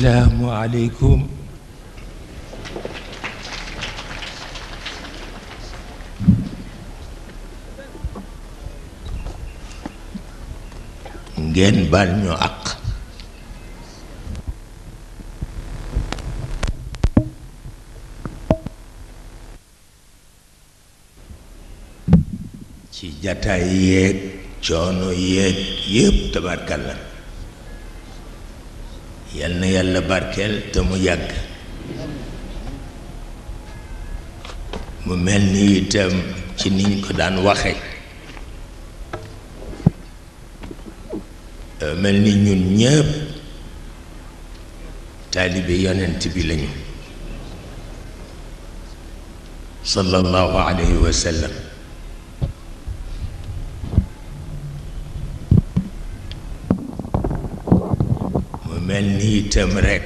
asalaamu aleykum ngeen baal ñu àq ci jatay yeeg coono yeeg yépp tabarkalla barkeel te mu yàgg mu mel ni itam ci niñ ko daan waxe mel ni ñun ñépp taalibe yonent bi lañu sallallahu alayhi wa itam rekk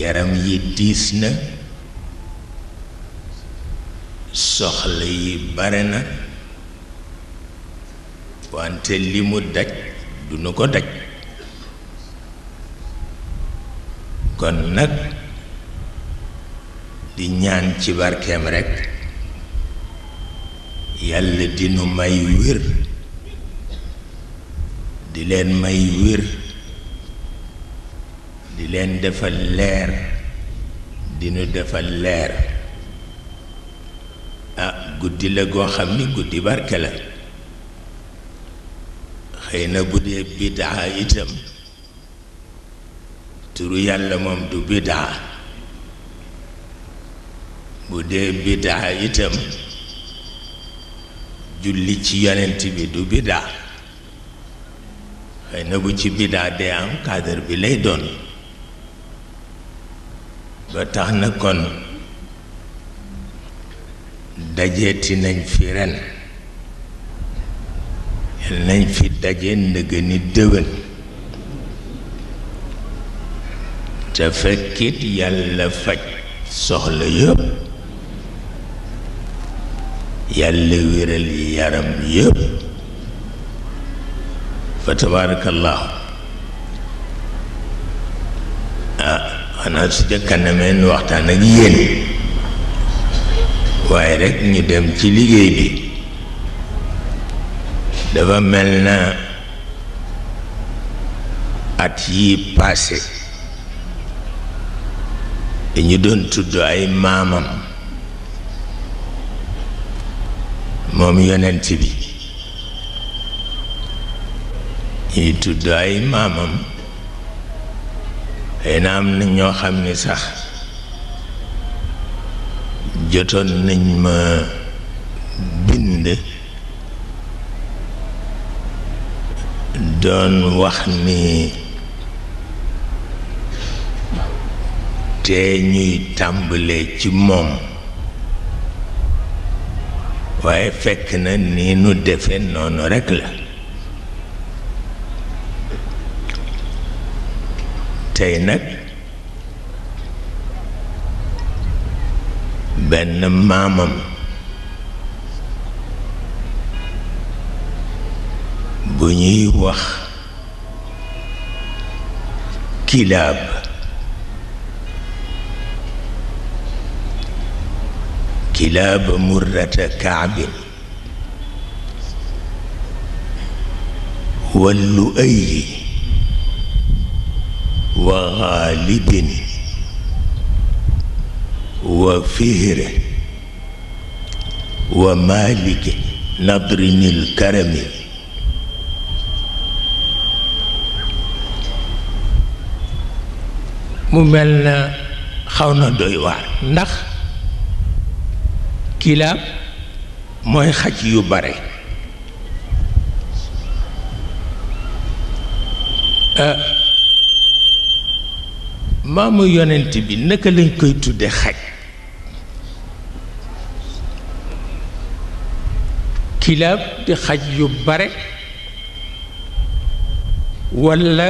yaram yi diis na soxla yi bare na wante li mu daj du nu ko daj kon nag di ñaan ci barkeem rekk yàlla dinu may wër di leen may wér di leen defal leer di nu defal leer ah guddi la goo xam ni guddi barke la xëy na bu dee bidaa itam turu yàlla moom du bidaa bu dee bidaa itam julli ci yonent bi du bidaa xëy na ci biddaa dee am cadre bi lay doon ba tax na kon dajeeti nañ fi ren yal nañ fi daje ndëgë ni dëwën te fekkit yàlla faj soxla yëpp yàlla wéral yaram yëpp fa tabaarakallaahu ah xanaa su ca kanamee nu waxtaan ak yéen waaye rekk ñu dem ci liggéey bi dafa mel na at yi paase dañu doon tudd ay maamam moom yonent bi ñuy tudd ay maamam xëy na am na ñoo xam ni sax jotoon nañ ma bind doon wax ni te ñuy tàmbalee ci moom waaye fekk na ni nu defe noonu rekk la tey nag benn maamam bu ñuy wax kilaab kilaab murrata kaabin wallu ay وغالب وفهر ومالك نضر الكرم مملنا خونا دوي وار نخ كلاب موي خاج يو باري أه maamu yonent bi naka lañ koy tudde xaj kilab di xaj yu bare wala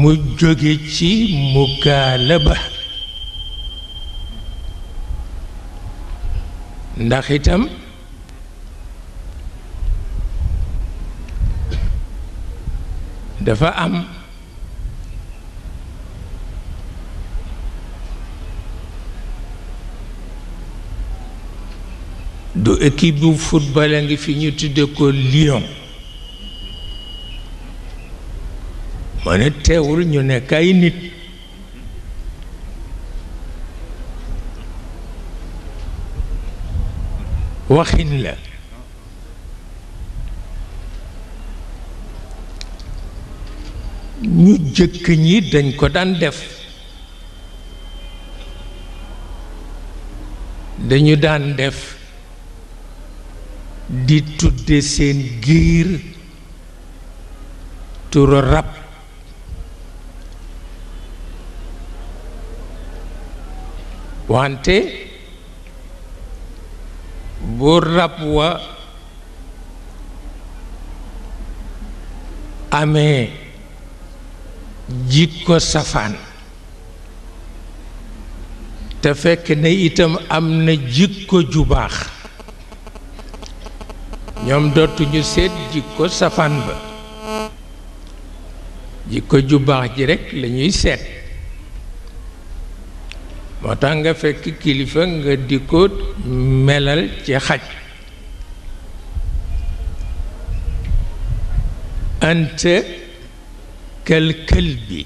mu jóge ci mukalaba ndax itam dafa am du équipe bu football ngi fi ñu tudde ko Lyon ma ne teewul ñu ne kay nit waxin la ñu jëkk ñi dañ ko daan def dañu daan def di tudde seen giir turu rab wante bu rab wa amee jikko safaan te fekk ne itam am na jikko ju baax ñoom dootuñu seet jikko safaan ba jikko ju baax ji rekk lañuy seet moo tax nga fekk kilifa nga di ko melal ci xaj ante كالكلب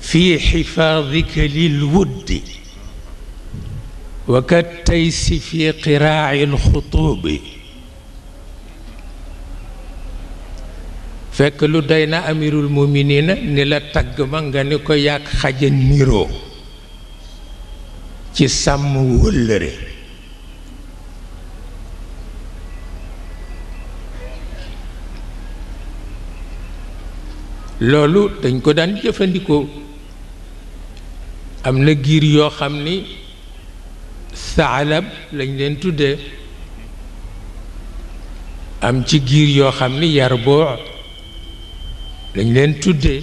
في حفاظك للود وكالتيس في قراع الخطوب فكلو دينا امير المؤمنين نلا تاغ ماغا نيكو ياك خاجا نيرو تي سام ولري loolu dañ ko daan jëfandikoo am na giir yoo xam ni saalab lañ leen tuddee am ci giir yoo xam ni yarboo lañ leen tuddee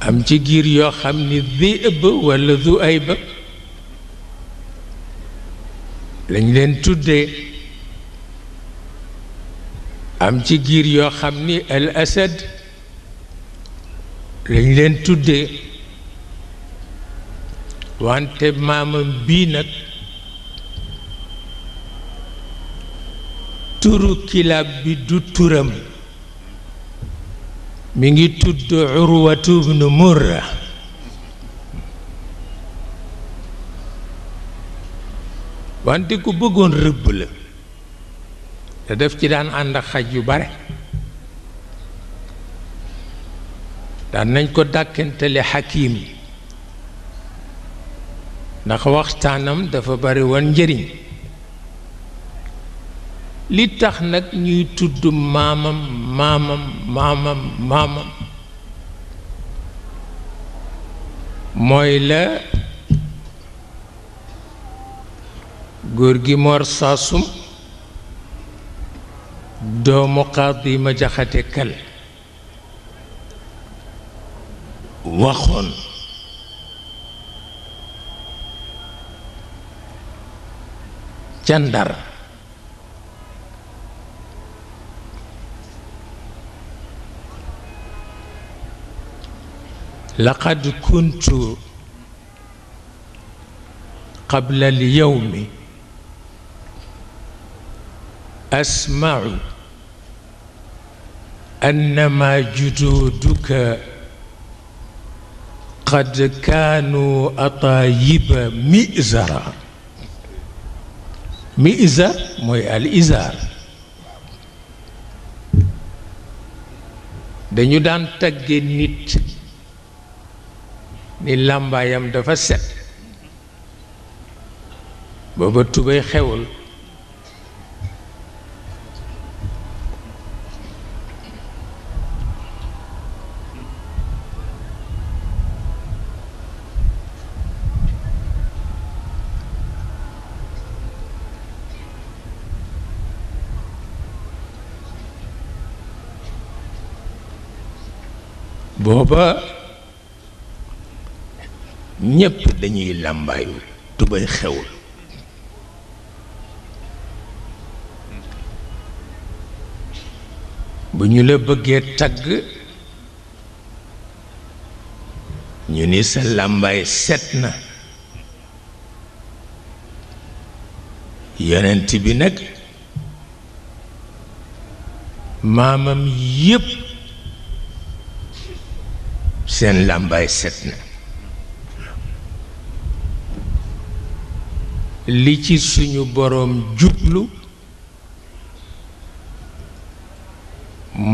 am ci giir yoo xam ni zi'b walla zu'ayb lañ leen tuddee am ci giir yoo xam ni al asad lañ leen tudde wante maamam bii nag turu kilaab bi du turam mi ngi tudd urwatu bnu murra wante ku bëggoon rëbb la te def ci daan ànd ak xaj yu bare daan nañ ko dàkkantele xakiim ndax waxtaanam dafa bari woon njëriñ li tax nag ñuy tudd maamam maamam maamam maamam mooy la góor gi moor Saasum doomu qaadi ma jaxate kal waxoon ca Ndar laqad kuntu qabla al yawmi asma'u أنما جدودك قد كانوا أطايب مئزرا مئزر موي الإزار dañu daan tagge nit ni làmbaayam dafa set booba tubay xewul booba ñépp dañuy làmbaayu tubay xewul bu ñu la bëggee tagg ñu ni sa làmbaay set na yonent bi nag maamam yépp seen làmbaay set na li ci suñu boroom jublu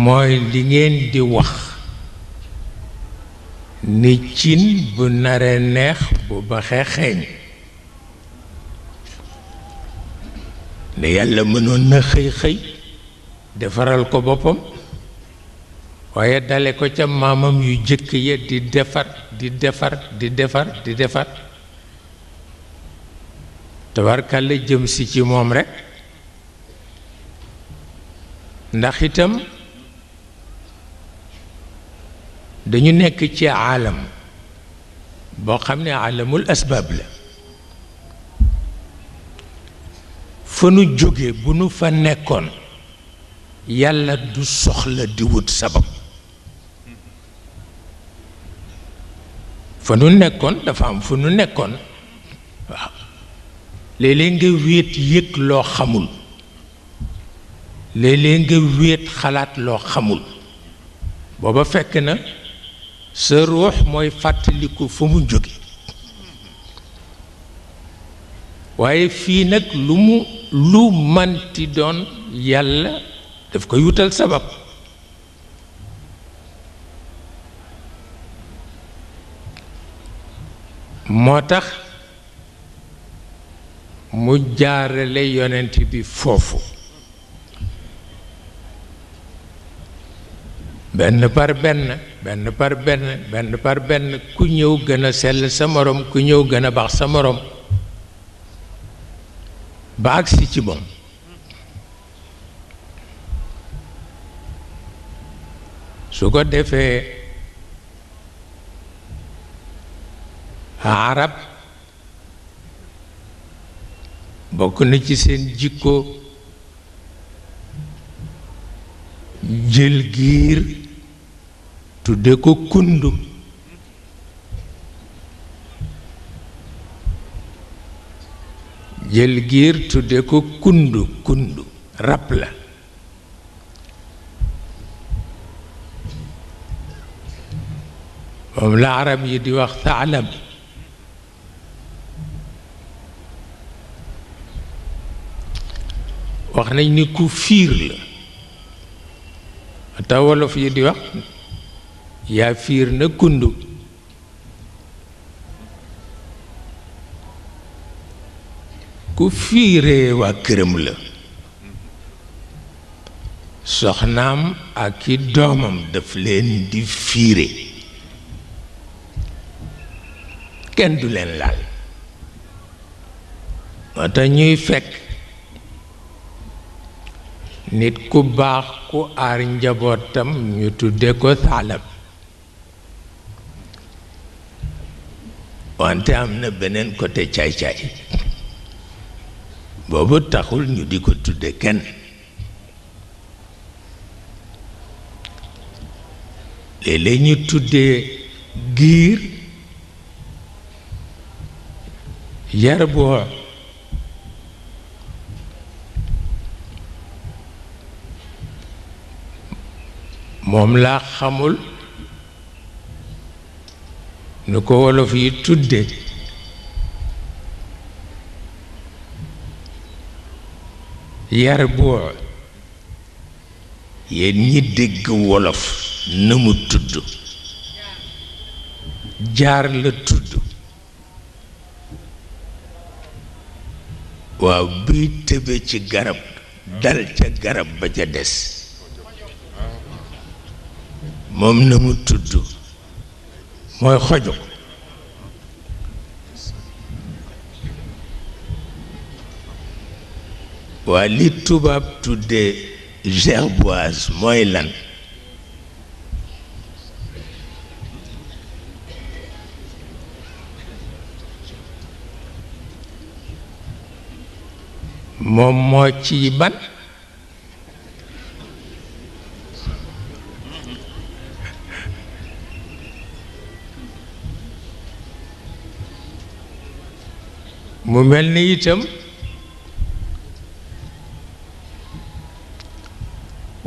mooy li ngeen di wax ni cin bu nare neex bu ba xeeñ ne yàlla mënoon na xëy xëy defaral ko boppam waaye dale ko ca maamam yu jëkk ya di defar di defar di defar di defar tabarkàlla jëm si ci moom rekk ndax itam dañu nekk ci aalam boo xam ne aalamul asbaab la fa nu jóge bu nu fa nekkoon yàlla du soxla di wut sabab fa nu nekkoon dafa am fu nu nekkoon waaw léeg-léeg nga wéet yëg loo xamul léeg-léeg nga wéet xalaat loo xamul booba fekk na sa ruux mooy fàttaliku fa mu jóge waaye fii nag lu mu lu manti doon yàlla daf koy wutal sabab moo tax mu jaarale yonent bi foofu benn par benn benn par benn benn par benn ku ñëw gën a sell sa morom ku ñëw gën a baax sa moroom ba agsi ci moom su ko defee arab bokk na ci seen jikko jël giir tudde ko kundu jël giir tudde ko kundu kundu rab la moom la arab yi di wax taalam wax nañ ni ku fiir la ata wolof yi di wax yaa fiir na kundu ku fiiree waa këram la soxnaam ak i doomam daf leen di fiire kenn du leen laal moo tax ñuy fekk nit ku baax ku aar njabootam ñu tudde ko saalab wante am na beneen côté caay-caay boobu taxul ñu di ko tudde kenn léeg-léeg ñu tuddee giir yar boo moom laa xamul nu ko wolof yi tudde yar boo yéen ñi dégg wolof na mu tudd jaar la tudd waaw buy tëbe ci garab dal ca garab ba ca des moom na mu tudd mooy xoju waa li tubaab tuddee gerboise mooy lan moom moo ci ban mu mel ni itam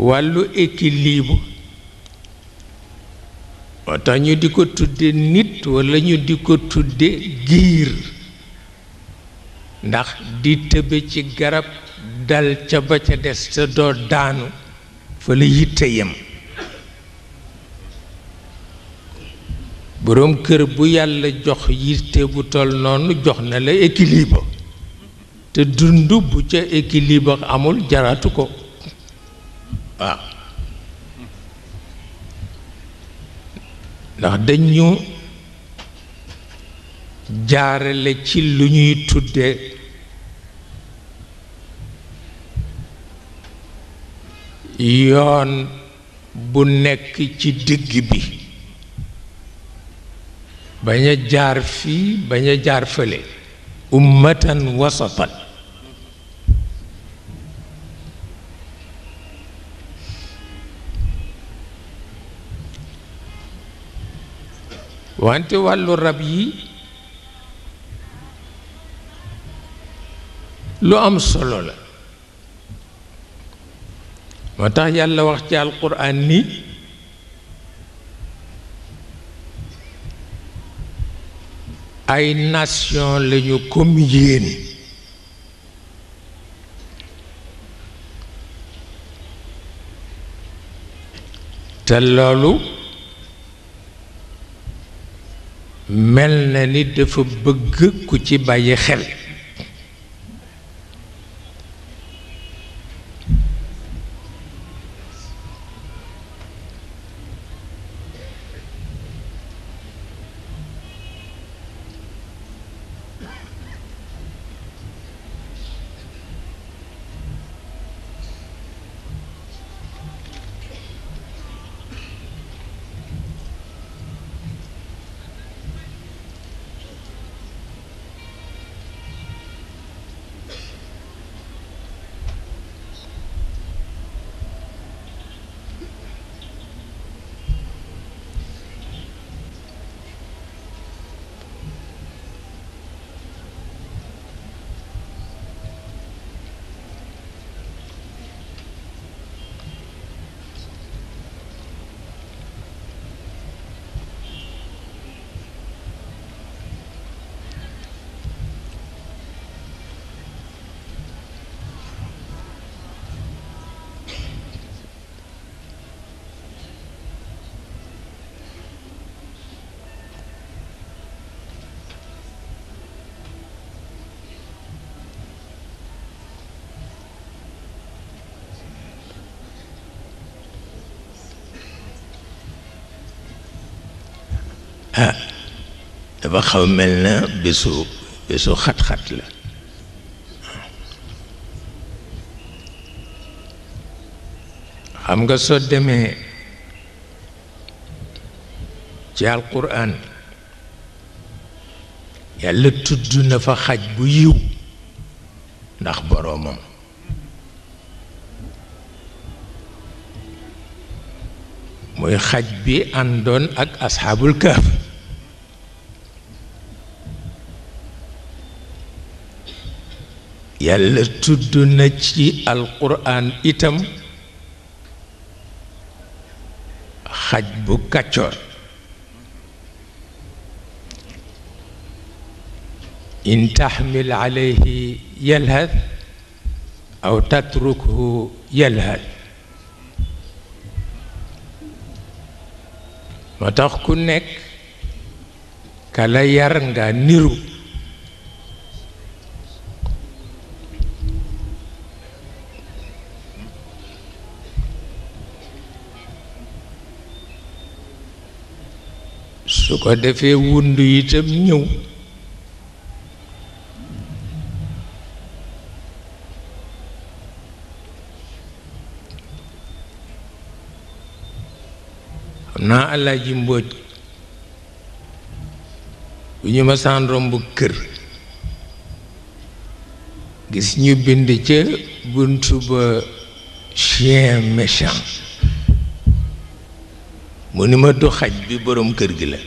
wàllu équilibre moo tax ñu di ko tudde nit walla ñu di ko tudde giir ndax di tëbe ci garab dal ca ba ca des te doo daanu fa la yitte yem boroom kër bu yàlla jox yitte bu toll noonu jox na la équilibre te dund bu ca équilibre amul jaratu ko ndax dañu jaarale ci lu ñuy tudde yoon bu nekk ci digg bi bañ a jaar fii bañ a jaar fële ummatan wasatan wante wàllu rab yi lu am solo la moo tax yàlla wax ci alquran ni ay nation lañu comme yéen te loolu mel na ni dafa bëgg ku ci bàyyi xel dafa xaw mel na bésu bésu xat-xat la xam nga soo demee ci alquran yàlla tudd na fa xaj bu yiw ndax boroomam muy xaj bi àndoon ak asxaabul kaaf يلا تدنا شي القران اتم حجب كاتشر ان تحمل عليه يلهث او تتركه يلهث ما تخكنك كلا يرنغا نيرو su ko defee wund itam ñëw xam naa Alaaji Mbóoj bu ñu ma romb kër gis ñu bind ca buntu ba chien méchant mu ni ma du xaj bi boroom kër gi la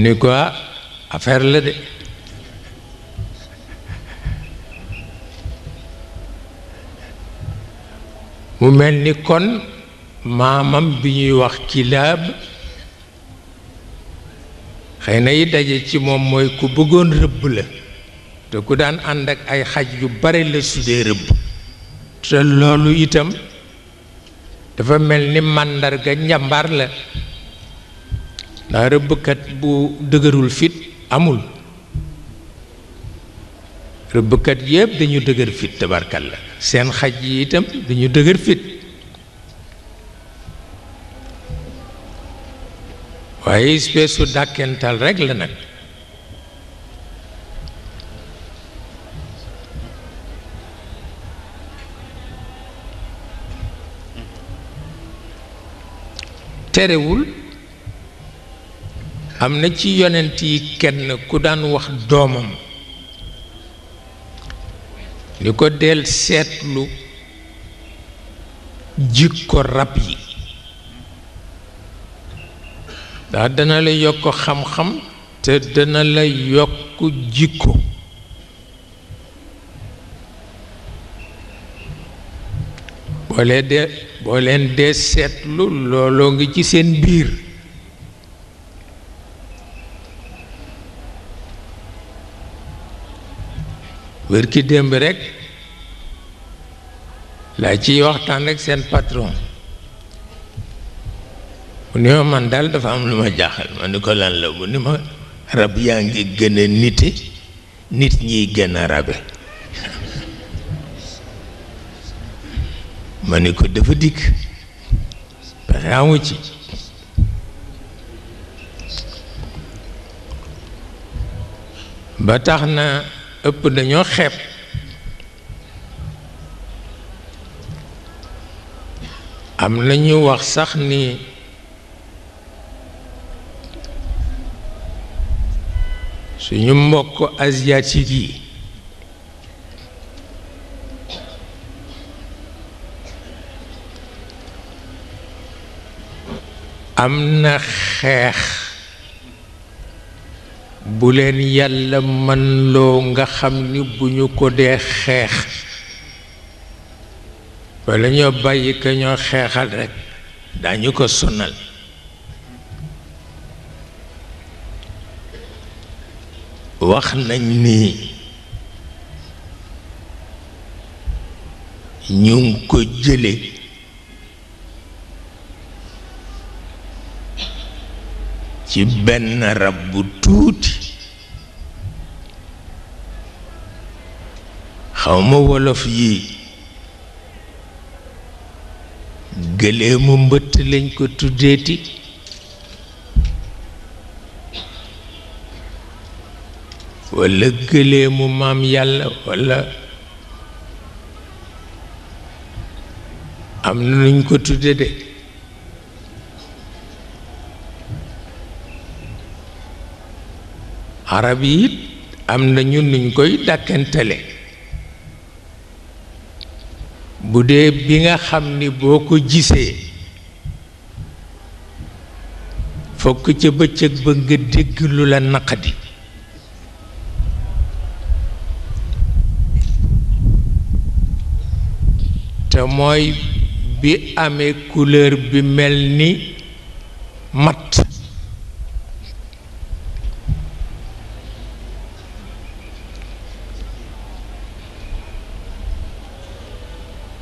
ni ko ah, affaire la de mu mel ni kon maamam bi ñuy wax kilaab xëy na daje ci moom mooy ku bëggoon rëbb la te ku daan ànd ak ay xaj yu bare la sudee rëbb te loolu itam dafa mel ni màndarga njàmbar la ndax rëbbkat bu dëgërul fit amul rëbbkat yépp dañu dëgër fit tabarkal la seen xaj yi itam dañu dëgër fit waaye espèce su dàkkental la nag terewul am na ci yonent yi kenn ku daan wax doomam li ko del seetlu jikko rab yi daa dana la yokk xam-xam te dana la yokk jikko boo leen dee boo leen dee seetlu looloo ngi ci seen biir wér ki démb rekk laa ciy waxtaan ak seen patron ni ma man daal dafa am lu ma jaaxal ma ni ko lan la mu ni ma rab yaa ngi gën a nit ñiy gën a ma ni ko dafa dikk pexe amu ci ba tax na ëpp dañoo xepp am na ñu wax sax ni ñu mbokk asiatique yi am na xeex bu leen yàlla mën loo nga xam ni bu ñu ko dee xeex wala ñoo bàyyi ka ñoo xeexal rekk dañu ko sonal wax nañ ni ñu ngi ko jële ci benn rab bu tuuti xawma wolof yi gëleemu mbëtt lañ ko tuddeeti wala gëleemu maam yàlla wala am na nuñ ko tudde de arab yi am na ñu nuñ koy dàkkantale bu dee bi nga xam ni boo ko gisee fokk ca bëccëg ba nga dégg lu la naqadi te mooy bi amee couleur bi mel ni matt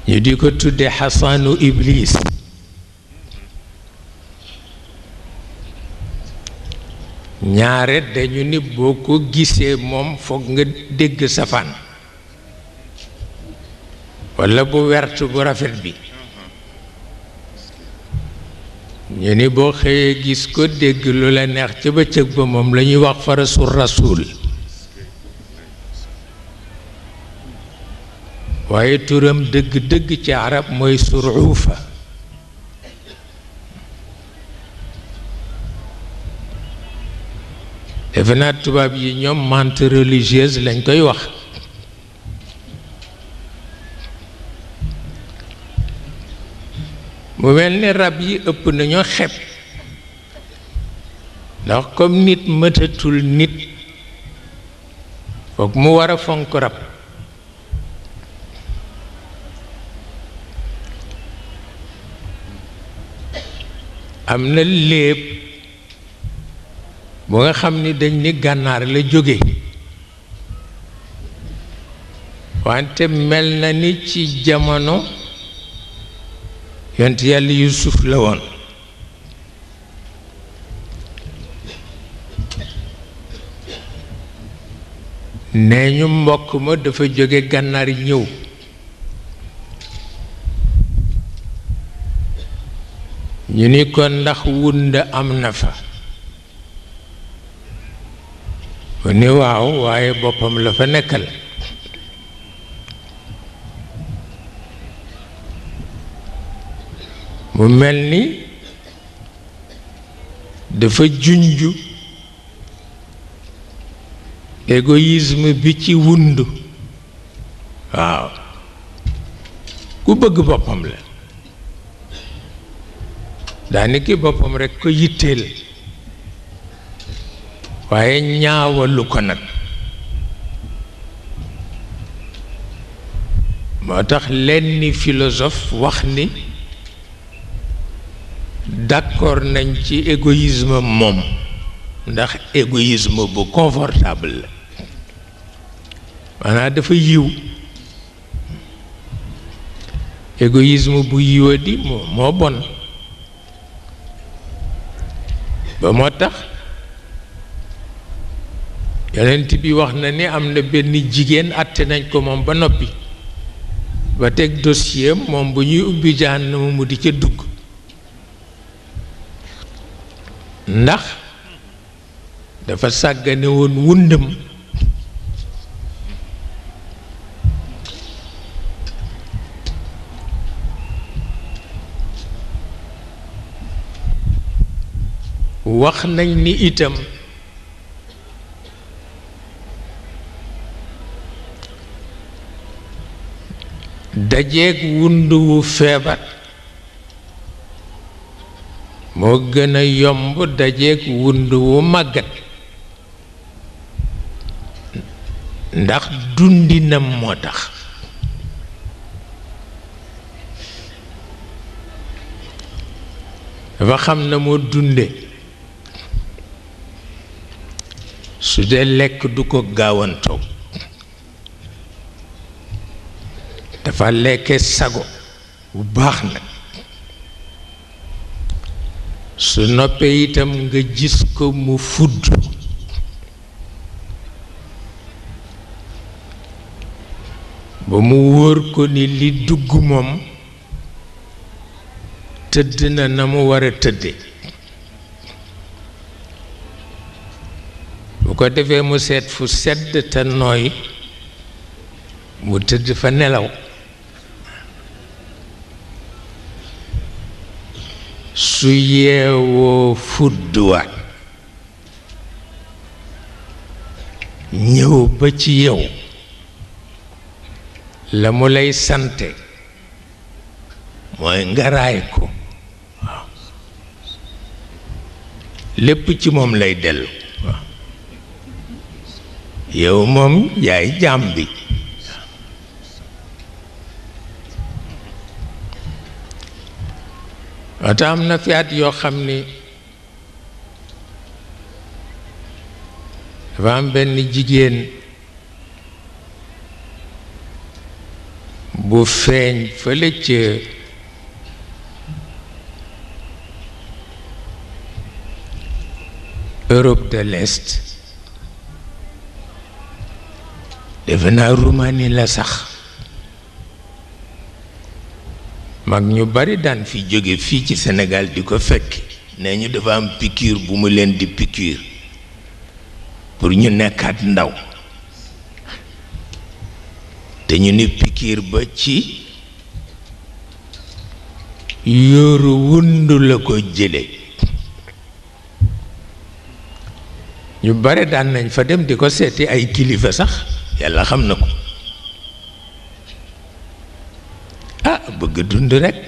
ñu di ko tudde xasaanu ibliis ñaare dañu ni boo ko gisee moom foog nga dégg safaan walla bu wert bu rafet bi ñu ni boo xëyee gis ko dégg lu la neex ca bëccëg ba moom la ñuy wax farasu rasul waaye turam dëgg-dëgg ci arab mooy suruufa defe naa tubaab yi ñoom mante religieuse lañ koy wax mu mel ni rab yi ëpp nañoo xepp ndax comme nit mëtatul nit foog mu war a fonk rab am na léeb bu nga xam ni dañ ni gànnaar la jóge wante mel na ni ci jamono yont yàlla yusuf la woon nee ñu mbokk ma dafa jóge gànnaar ñëw ñu ni ko ndax wund am na fa mu ni waaw waaye boppam la fa nekkal mu mel ni dafa junju égoïsme bi ci wund waaw ku bëgg boppam la daani ki boppam rekk ko yitteel waaye ñaawalu ko nag moo tax lenn philosophe wax ni d'accord nañ ci égoïsme moom ndax égoïsme bu confortable la maanaam dafa yiw égoïsme bu yiwa di moo bon ba moo tax yonent bi wax na ni am na benn jigéen àtte nañ ko moom ba noppi ba teg dossier moom bu ñuy ubbi jahannama mu di ca dugg ndax dafa sàggane woon wundam wax nañ ni itam dajeeg wund wu feebar moo gën a yomb dajeeg wund wu màggat ndax dundinam moo tax dafa xam na moo dunde su dee lekk du ko gaawantoo dafa lekke sago bu baax nag su noppee itam nga gis ko mu fudd ba mu wóor ko ni li dugg moom tëdd na na mu wara a tëdde bu ko defee mu set fu sedd te nooy mu tëdd fa nelaw su yeewoo fudd wa ñëw ba ci yow la mu lay sante mooy ngaraay ko lépp ci moom lay dell yow moom yaay jaam bi wate am na fi at yoo xam ni dafa am benn jigéen bu feeñ fële ca Europe de l'Est defe naa la sax mag ñu bari daan fi jóge fii ci Sénégal di ko fekk nee ñu dafa am piqûre bu mu leen di piqûre pour ñu nekkaat ndaw te ñu ni piqûre ba ci yóoru wund la ko jële ñu bare daan nañ fa dem di ko seeti ay kilifa sax yàlla xam na ko bëgg dund rek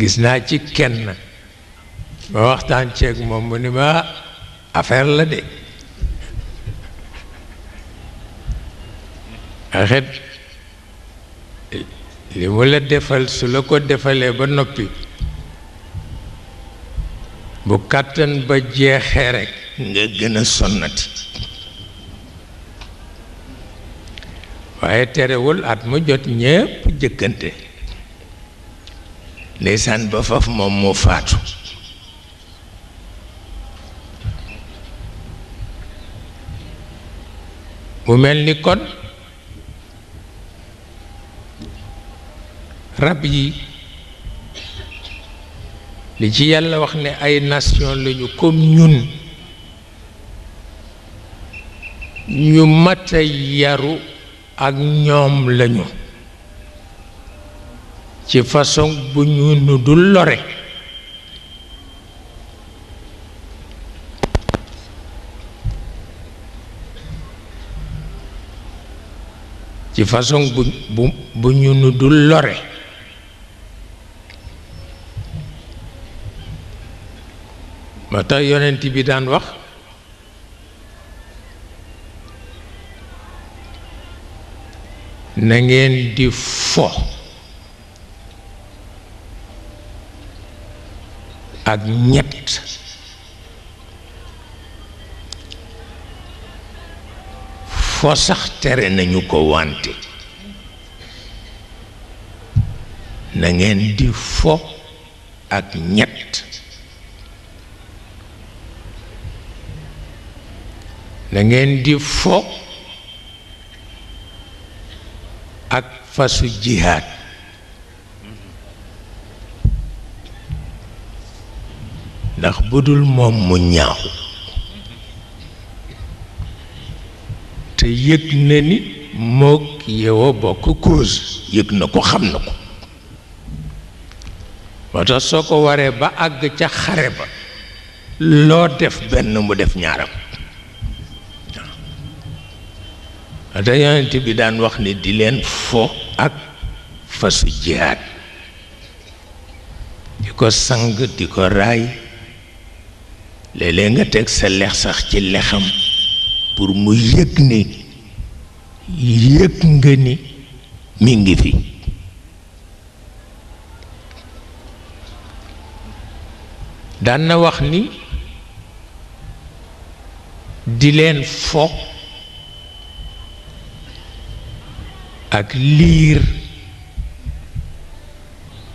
gis naa ci kenn ma waxtaan ceeg moom mu ni ma affaire la de axet li mu la defal su la ko defalee ba noppi bu kàttan ba jeexee rek nga gën sonnati waaye terewul at mu jot ñépp jëkkante ndeysaan ba faf moom moo faatu mu mel ni kon rab yi li ci yàlla wax ne ay nation lañu comme ñun ñu mata yaru ak ñoom lañu ci façon bu ñu nu dul lore ci façon bu ñu nu dul lore ba tax yonent bi daan wax na ngeen di fo ak ñett fo sax tere nañu ko wante na ngeen di fo ak ñett na ngeen di fo ak fasu jihaad ndax budul moom mu ñaaw te yëg na ni mook yow a bokk cause yëg na ko xam na ko moo tax soo ko waree ba àgg ca xare ba loo def benn mu def ñaaram te bi daan wax ni di leen fo ak fasu jihaad di ko sang di ko raay léeg nga teg sa lex sax ci lexam pour mu yëg ni yëg nga ni mi ngi fi daan na wax ni di leen fo ak liir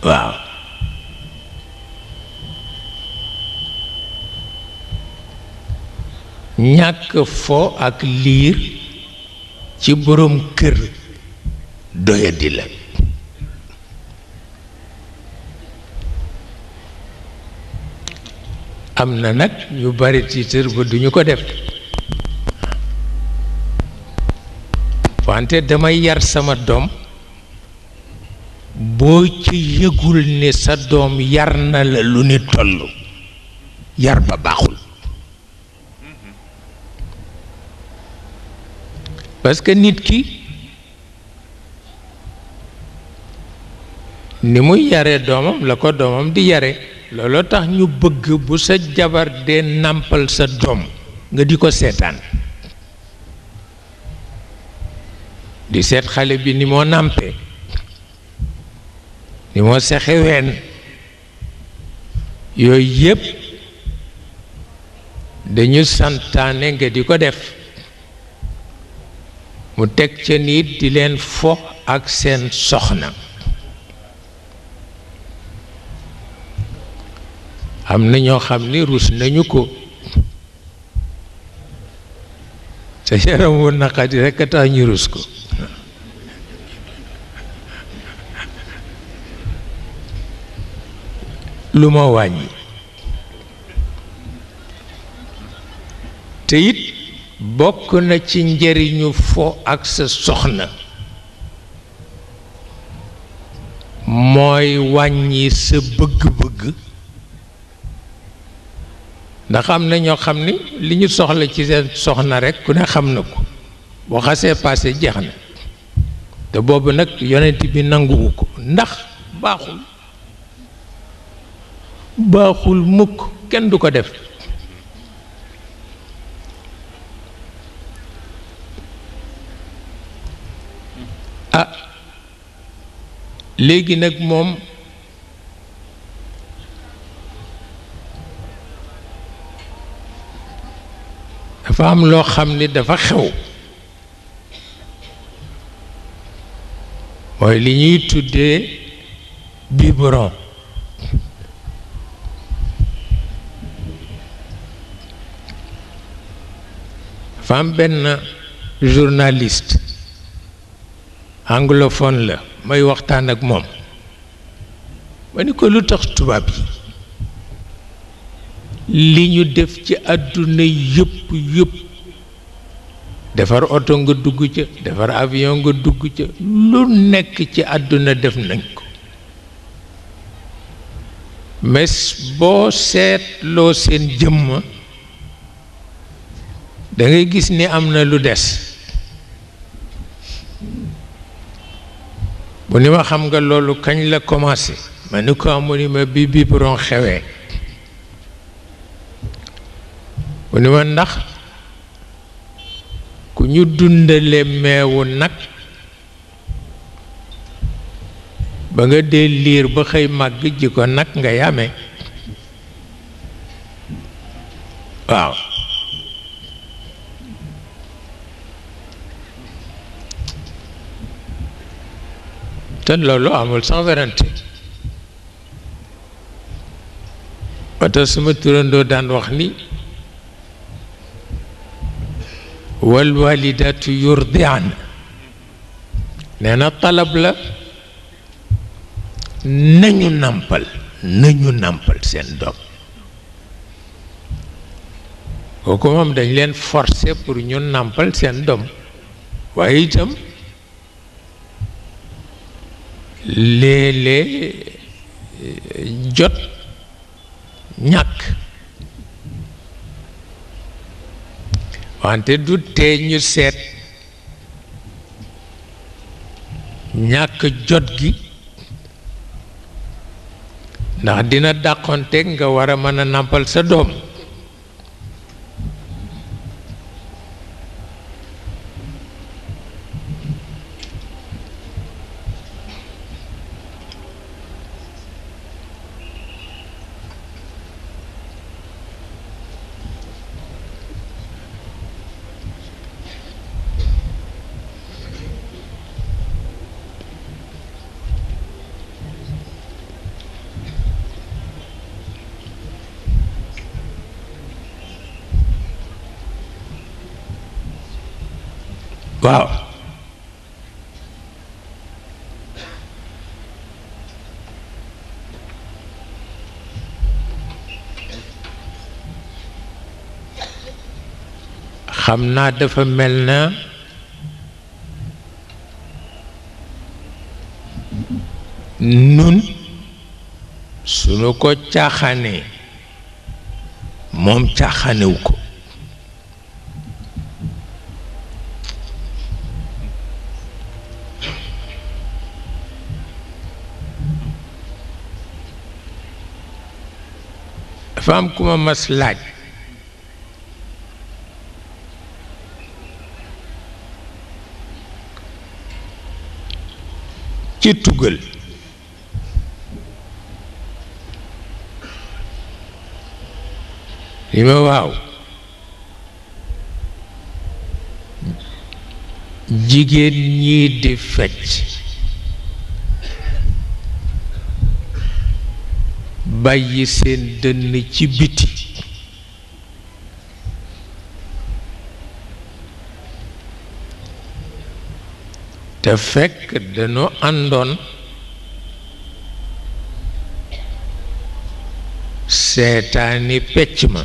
waaw ñàkk fo ak liir ci boroom kër doyadi la am na nag ñu bari tiitër ba duñu ko def wante damay yar sama doom boo ci yëgul ni sa doom yar na la lu ni toll yar ba baaxul parce nit ki ni muy yare doomam la ko doomam di yare looloo tax ñu bëgg bu sa jabar dee nàmpal sa doom nga di ko seetaan di set xale bi ni moo nàmpe ni moo sexe ween yooyu yépp dañu santaane nga di ko def mu teg ca nit di leen fo ak seen soxna am na ñoo ni rus nañu ko sa yaram wu naqadi rekk ñu rus ko lu ma wàññi te it bokk na ci njëriñu fo ak sa soxna mooy wàññi sa bëgg-bëgg ndax am na ñoo xam ni li ñu soxla ci seen soxna rekk ku ne xam na ko boo xasee paase jeex na te boobu nag yonent bi nanguwu ko ndax baaxul baaxul mukk kenn du ko def ah léegi nag moom dafa am loo xam ni dafa xew mooy li ñuy tuddee biberon dafa benn journaliste anglophone la may waxtaan ak moom ma ni ko lu tax tubaab yi li ñu def ci àdduna yëpp yëpp defar oto nga dugg ca defar avion nga dugg ca lu nekk ci àdduna def nañ ko mais boo seetloo seen jëmm da gis ni am na lu des bu ni ma xam nga loolu kañ la commencé ma ni ko amu ni ma bi xewee bu ni ma ndax ku ñu dundale meewu nag ba nga dee liir ba xëy màgg ji ko nag nga yame waaw dan lalu amul sans werante ba tax suma turandoo daan wax ni wal walidatu yurdi'an nee talab la nañu nampal nañu nampal seen doom kooku moom dañ forcer pour ñu nampal seen doom waaye itam léeg-léeg euh, jot ñàkk wante du tee ñu seet ñàkk jot gi ndax dina dàqonte nga war a mën a nàmpal sa doom waaw xam naa dafa mel na nun sunu ko caaxaanee moom caaxaanewu ko dafa ku ma mas laaj ci tugal li ma waaw jigéen ñii di fecc bàyyi seen dënn ci biti te fekk dañu àndoon seetaani pecc ma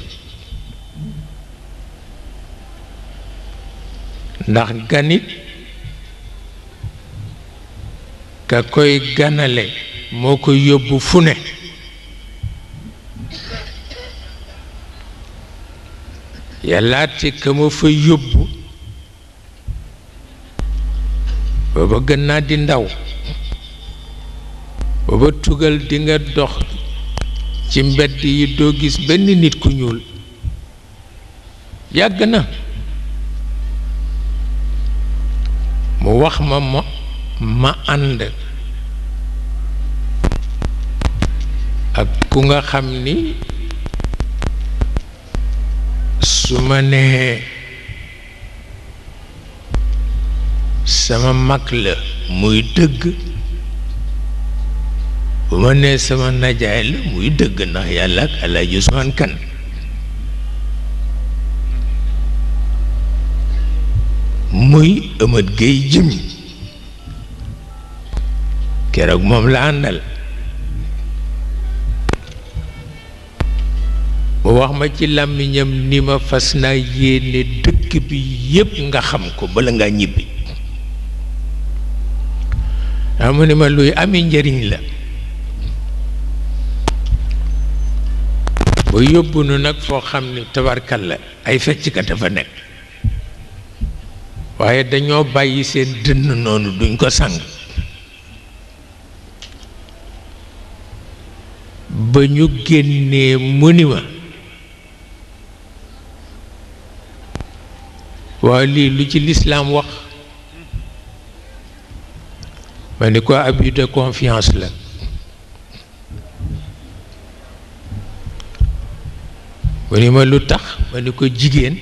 ndax ganit ka ganale moo ko yóbbu yàllaate ka ma fa yóbbu booba gën naa di ndaw booba tugal di nga dox ci mbedd yi doo gis benn nit ku ñuul yàgg na mu wax ma ma ànd ak ku nga xam ni su ma nee sama mag la muy dëgg bu ma nee sama najaay la muy dëgg ndax yàlla ak Alaaji Usmaan Kan muy ëmat géey jëmi keroog moom la àndal wax ma ci làmmiñam ni ma fas naa yéene dëkk bi yépp nga xam ko bala ngaa ñibbi waaw ah, mu ma luy ami njëriñ la ba yóbbu nu nag foo xam ne tabarkal la ay fecckat dafa nekk waaye dañoo bàyyi seen dënn noonu duñ ko sang ba ñu génnee mu ni ma waaw lii lu ci lislaam wax ma ni ko abus confiance la mu ni ma lu tax ma ni ko jigéen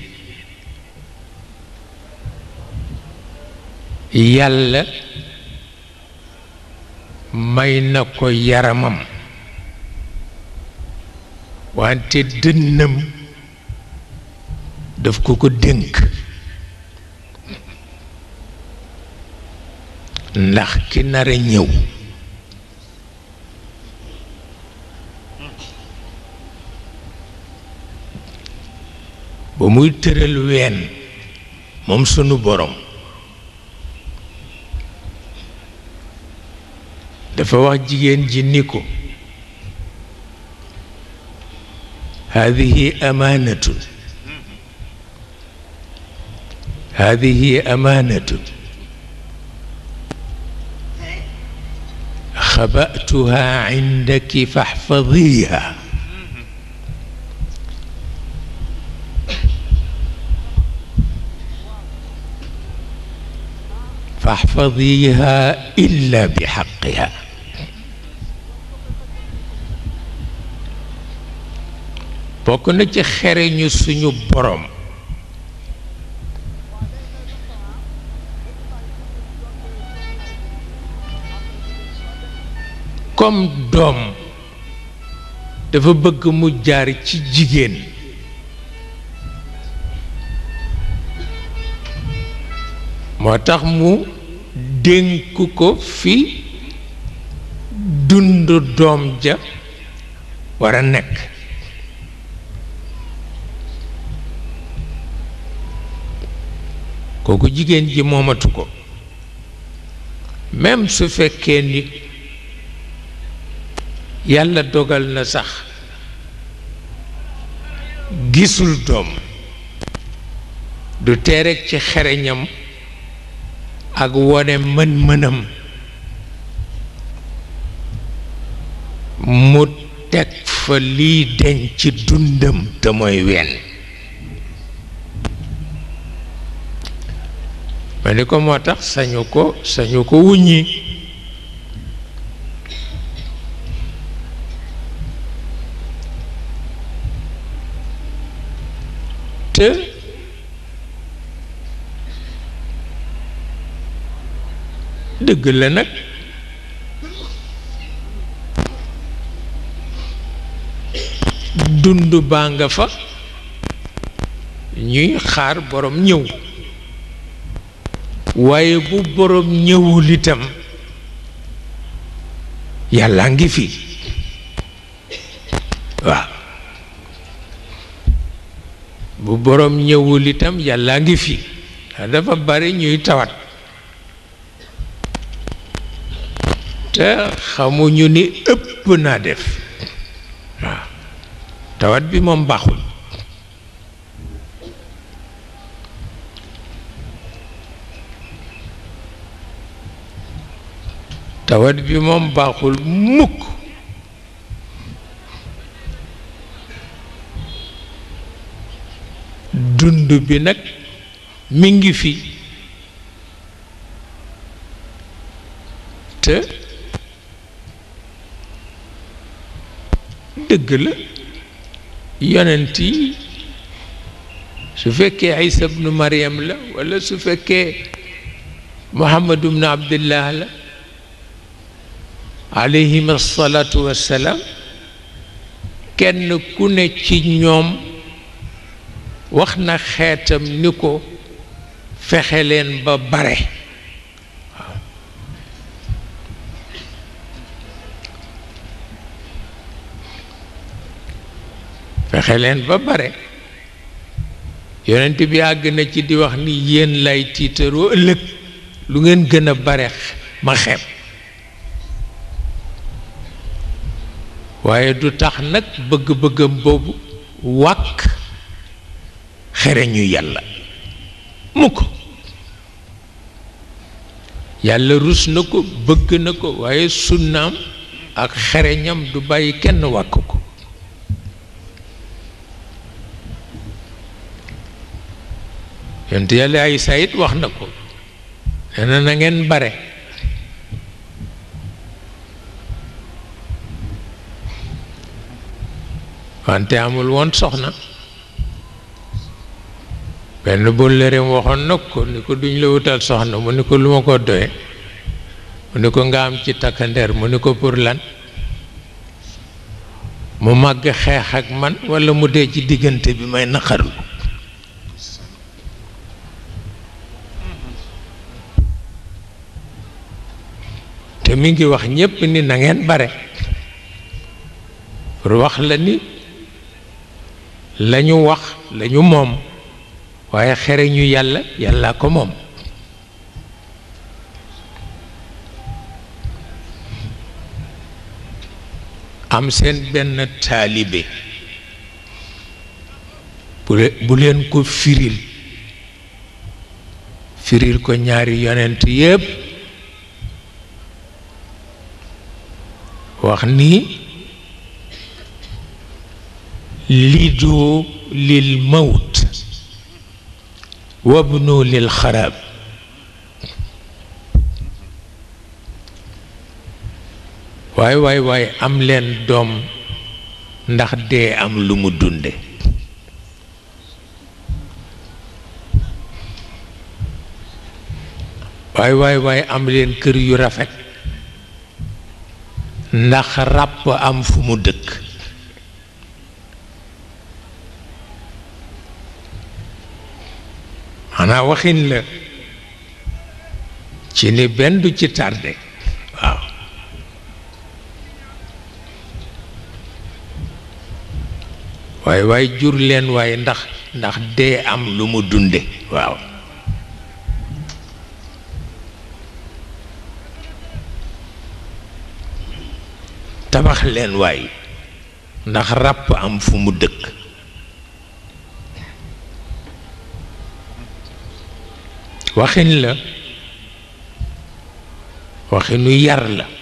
yàlla may na ko yaramam wante dënnam daf ko ko dénk ndax ki nara ñëw ba muy tëral ween moom sunu borom dafa wax jigéen ji ni ko hadihi amaanatun hadihi amaanatun خبأتها عندك فاحفظيها فاحفظيها إلا بحقها بوكو نتي خيري ني سونو بروم comme doom dafa bëgg mu jaar ci jigéen moo tax mu dénk ko fi dund doom ja war a nekk kooku jigéen ji moomatu ko même su fekkee ni yàlla dogal na sax gisul doom du tee ci xereñam ak wone mën-mënam mu teg fa liy deñ ci dundam te wenn ma ni ko moo tax sañu ko sañu ko wuññi te dëgg la nag dund baa nga fa ñuy xaar borom ñëw waaye bu borom ñëwul itam yàlla ngi fi waaw bu borom ñëwul itam yàlla ngi fi ah, dafa bari ñuy tawat te xamuñu ni ëpp naa def waaw ah, tawat bi moom baaxul tawat bi moom baaxul mukk dund bi nak mi ngi fi te deug la yonenti su fekke Isa ibn Maryam la wala su fekke Muhammad bnu Abdillah la alayhim asalaatu wassalaam kenn ku ne ci ñoom واخنا خاتم نكو فخلين بباري فخلين بباري يونتي بي اغنا تي دي واخني يين لاي تيترو لك لو نين غنا باريخ ما خيب waye du tax nak bëgg bëggam bobu wak xere ñu yàlla mukk yàlla rus na ko bëgg na ko waaye sunnaam ak xereñam du bàyyi kenn wàkk ko yonent yàlla ay sayit wax na ko nee na ngeen bare wante amul woon soxna benn bóllëreem waxoon nag ko ni ko duñ la wutal soxna mu ni ko lu ma ko doye mu ni ko nga am ci takkandeer mu ni ko pour lan mu màgg xeex ak man walla mu dee ci diggante bi may te mi ngi wax ni na ngeen bare pour wax la ni lañu wax lañu waaye xere ñu yàlla yàlla ko moom am seen benn taalibe bu leen ko firil firil ko ñaari yonent yépp wax ni lidu lil mawt وابنوا للخراب واي واي واي ام لين دوم ndax de am lumu dundé واي واي واي ام لين كير يو رافيت ndax rap am fumu deuk xanaa waxin la ci ni benn du ci tardé waaw waaye waaye jur leen waaye ndax ndax dee am lu mu dunde waaw tabax leen waay ndax ràpp am fu mu dëkk واخين لا واخين يرلا لا